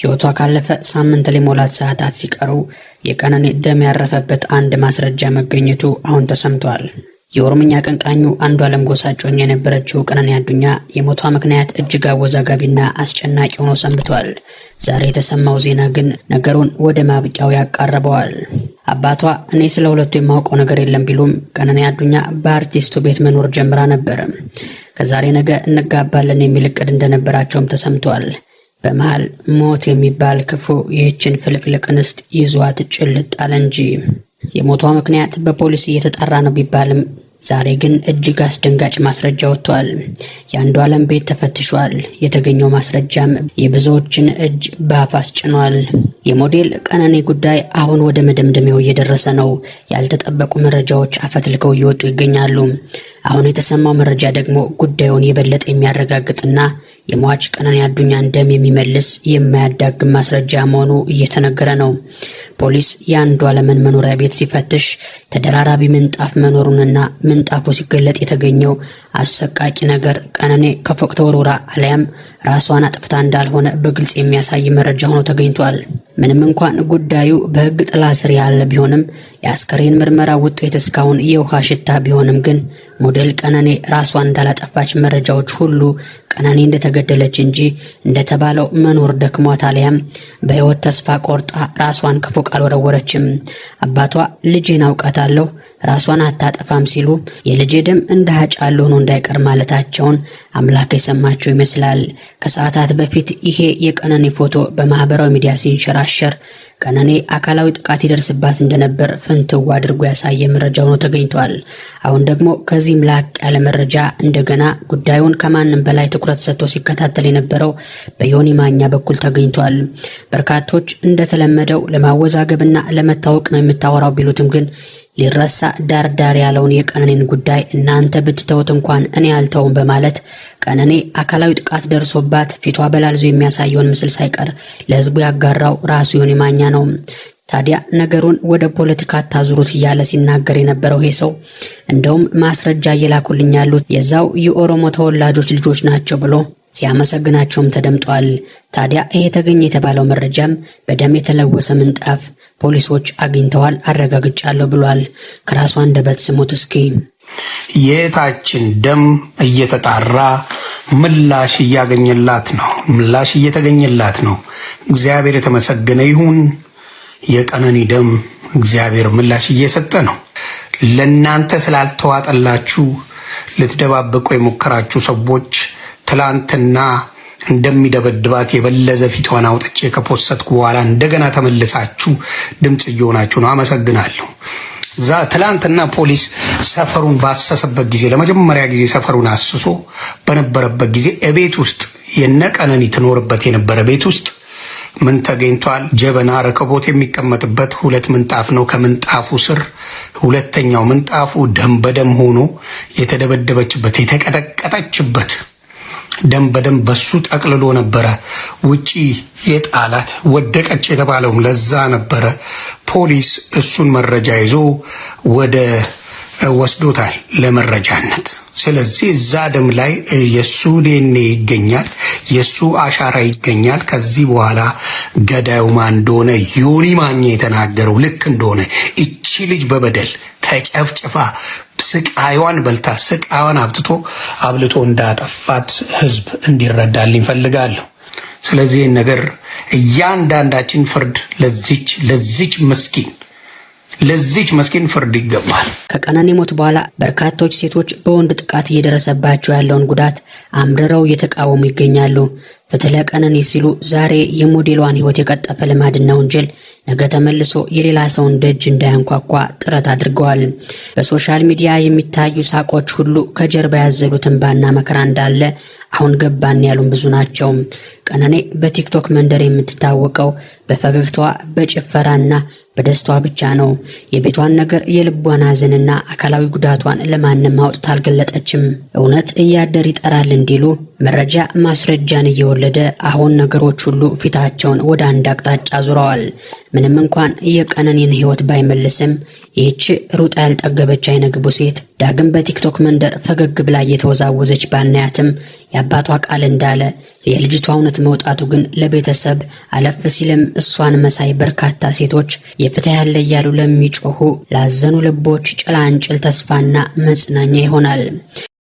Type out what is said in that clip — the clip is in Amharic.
ሕይወቷ ካለፈ ሳምንት ሊሞላት ሰዓታት ሲቀሩ የቀነኔ ደም ያረፈበት አንድ ማስረጃ መገኘቱ አሁን ተሰምቷል። የኦሮምኛ አቀንቃኙ አንዱ ጎሳ እጮኛ የነበረችው ቀነኔ አዱኛ የሞቷ ምክንያት እጅግ አወዛጋቢና አስጨናቂ ሆኖ ሰንብቷል። ዛሬ የተሰማው ዜና ግን ነገሩን ወደ ማብቂያው ያቃርበዋል። አባቷ እኔ ስለ ሁለቱ የማውቀው ነገር የለም ቢሉም ቀነኔ አዱኛ በአርቲስቱ ቤት መኖር ጀምራ ነበር። ከዛሬ ነገ እንጋባለን የሚል እቅድ እንደነበራቸውም ተሰምቷል። በመሃል ሞት የሚባል ክፉ ይህችን ፍልቅልቅ እንስት ይዟት ጭልጥ አለ እንጂ የሞቷ ምክንያት በፖሊስ እየተጣራ ነው ቢባልም ዛሬ ግን እጅግ አስደንጋጭ ማስረጃ ወጥቷል። የአንዱ ዓለም ቤት ተፈትሿል። የተገኘው ማስረጃም የብዙዎችን እጅ በአፍ አስጭኗል። የሞዴል ቀነኔ ጉዳይ አሁን ወደ መደምደሚያው እየደረሰ ነው። ያልተጠበቁ መረጃዎች አፈትልከው እየወጡ ይገኛሉ። አሁን የተሰማው መረጃ ደግሞ ጉዳዩን የበለጠ የሚያረጋግጥና የሟች ቀነኒ አዱኛን ደም የሚመልስ የማያዳግም ማስረጃ መሆኑ እየተነገረ ነው። ፖሊስ የአንዱ አለምን መኖሪያ ቤት ሲፈትሽ ተደራራቢ ምንጣፍ መኖሩንና ምንጣፉ ሲገለጥ የተገኘው አሰቃቂ ነገር ቀነኔ ከፎቅ ተወርውራ አሊያም ራሷን አጥፍታ እንዳልሆነ በግልጽ የሚያሳይ መረጃ ሆኖ ተገኝቷል። ምንም እንኳን ጉዳዩ በሕግ ጥላ ስር ያለ ቢሆንም የአስከሬን ምርመራ ውጤት እስካሁን የውሃ ሽታ ቢሆንም ግን ሞዴል ቀነኔ ራሷን እንዳላጠፋች መረጃዎች ሁሉ ቀነኔ እንደተገደለች እንጂ እንደተባለው መኖር ደክሟት አሊያም በሕይወት ተስፋ ቆርጣ ራሷን ከፎቅ አልወረወረችም። አባቷ ልጄን አውቃታለሁ ራሷን አታጠፋም ሲሉ የልጄ ደም እንደ ሀጫሉ ሆኖ እንዳይቀር ማለታቸውን አምላክ የሰማቸው ይመስላል። ከሰዓታት በፊት ይሄ የቀነኔ ፎቶ በማህበራዊ ሚዲያ ሲንሸራሸር ቀነኔ አካላዊ ጥቃት ይደርስባት እንደነበር ፍንትው አድርጎ ያሳየ መረጃ ሆኖ ተገኝቷል። አሁን ደግሞ ከዚህም ላቅ ያለ መረጃ እንደገና ጉዳዩን ከማንም በላይ ትኩረት ሰጥቶ ሲከታተል የነበረው በዮኒ ማኛ በኩል ተገኝቷል። በርካቶች እንደተለመደው ለማወዛገብና ለመታወቅ ነው የምታወራው ቢሉትም ግን ሊረሳ ዳርዳር ያለውን የቀነኔን ጉዳይ እናንተ ብትተውት እንኳን እኔ አልተውም በማለት ቀነኔ አካላዊ ጥቃት ደርሶባት ፊቷ በላልዞ የሚያሳየውን ምስል ሳይቀር ለህዝቡ ያጋራው ራሱ ይሁን ማኛ ነው። ታዲያ ነገሩን ወደ ፖለቲካ አታዙሩት እያለ ሲናገር የነበረው ይሄ ሰው እንደውም ማስረጃ እየላኩልኝ ያሉት የዛው የኦሮሞ ተወላጆች ልጆች ናቸው ብሎ ሲያመሰግናቸውም ተደምጧል። ታዲያ ይሄ የተገኘ የተባለው መረጃም በደም የተለወሰ ምንጣፍ ፖሊሶች አግኝተዋል፣ አረጋግጫለሁ ብሏል። ከራሱ አንደበት ስሙት እስኪ። የእህታችን ደም እየተጣራ ምላሽ እያገኘላት ነው። ምላሽ እየተገኘላት ነው። እግዚአብሔር የተመሰገነ ይሁን። የቀነኒ ደም እግዚአብሔር ምላሽ እየሰጠ ነው። ለእናንተ ስላልተዋጠላችሁ ልትደባበቁ የሞከራችሁ ሰዎች ትላንትና እንደሚደበድባት የበለዘ ፊቷን አውጥቼ ከፖሰትኩ በኋላ እንደገና ተመልሳችሁ ድምፅ እየሆናችሁ ነው። አመሰግናለሁ። ትላንትና ፖሊስ ሰፈሩን ባሰሰበት ጊዜ ለመጀመሪያ ጊዜ ሰፈሩን አስሶ በነበረበት ጊዜ እቤት ውስጥ የነቀነኒ ትኖርበት የነበረ ቤት ውስጥ ምን ተገኝቷል? ጀበና ረከቦት የሚቀመጥበት ሁለት ምንጣፍ ነው። ከምንጣፉ ስር ሁለተኛው ምንጣፉ ደም በደም ሆኖ የተደበደበችበት የተቀጠቀጠችበት ደም በደም በሱ ጠቅልሎ ነበረ ውጪ የጣላት ወደቀች የተባለውም ለዛ ነበረ። ፖሊስ እሱን መረጃ ይዞ ወደ ወስዶታል ለመረጃነት። ስለዚህ እዛ ደም ላይ የሱ ዲኤንኤ ይገኛል፣ የሱ አሻራ ይገኛል። ከዚህ በኋላ ገዳዩ ማን እንደሆነ ዮኒ ማኛ የተናገረው ልክ እንደሆነ እቺ ልጅ በበደል ተጨፍጭፋ ስቃይዋን በልታ ስቃይዋን አብትቶ አብልቶ እንዳጠፋት ህዝብ እንዲረዳልኝ ፈልጋለሁ። ስለዚህ ነገር እያንዳንዳችን ፍርድ ለዚች ለዚች ምስኪን ለዚች መስኪን ፍርድ ይገባል። ከቀነኒ ሞት በኋላ በርካቶች ሴቶች በወንድ ጥቃት እየደረሰባቸው ያለውን ጉዳት አምርረው እየተቃወሙ ይገኛሉ። ፍትህ ለቀነኒ ሲሉ ዛሬ የሞዴሏን ሕይወት የቀጠፈ ልማድና ወንጀል ነገ ተመልሶ የሌላ ሰውን ደጅ እንዳያንኳኳ ጥረት አድርገዋል። በሶሻል ሚዲያ የሚታዩ ሳቆች ሁሉ ከጀርባ ያዘሉት እንባና መከራ እንዳለ አሁን ገባን ያሉን ብዙ ናቸው። ቀነኔ በቲክቶክ መንደር የምትታወቀው በፈገግታዋ በጭፈራና በደስቷ ብቻ ነው። የቤቷን ነገር የልቧን ሐዘንና አካላዊ ጉዳቷን ለማንም አውጥታ አልገለጠችም። እውነት እያደር ይጠራል እንዲሉ መረጃ ማስረጃን እየወለደ አሁን ነገሮች ሁሉ ፊታቸውን ወደ አንድ አቅጣጫ ዙረዋል። ምንም እንኳን የቀነኒን ሕይወት ባይመልስም ይህች ሩጣ ያልጠገበች አይነግቡ ሴት ዳግም በቲክቶክ መንደር ፈገግ ብላ እየተወዛወዘች ባናያትም የአባቷ ቃል እንዳለ የልጅቷ እውነት መውጣቱ ግን ለቤተሰብ አለፍ ሲልም እሷን መሳይ በርካታ ሴቶች የፍትህ ያለ እያሉ ለሚጮሁ ላዘኑ ልቦች ጭላንጭል ተስፋና መጽናኛ ይሆናል።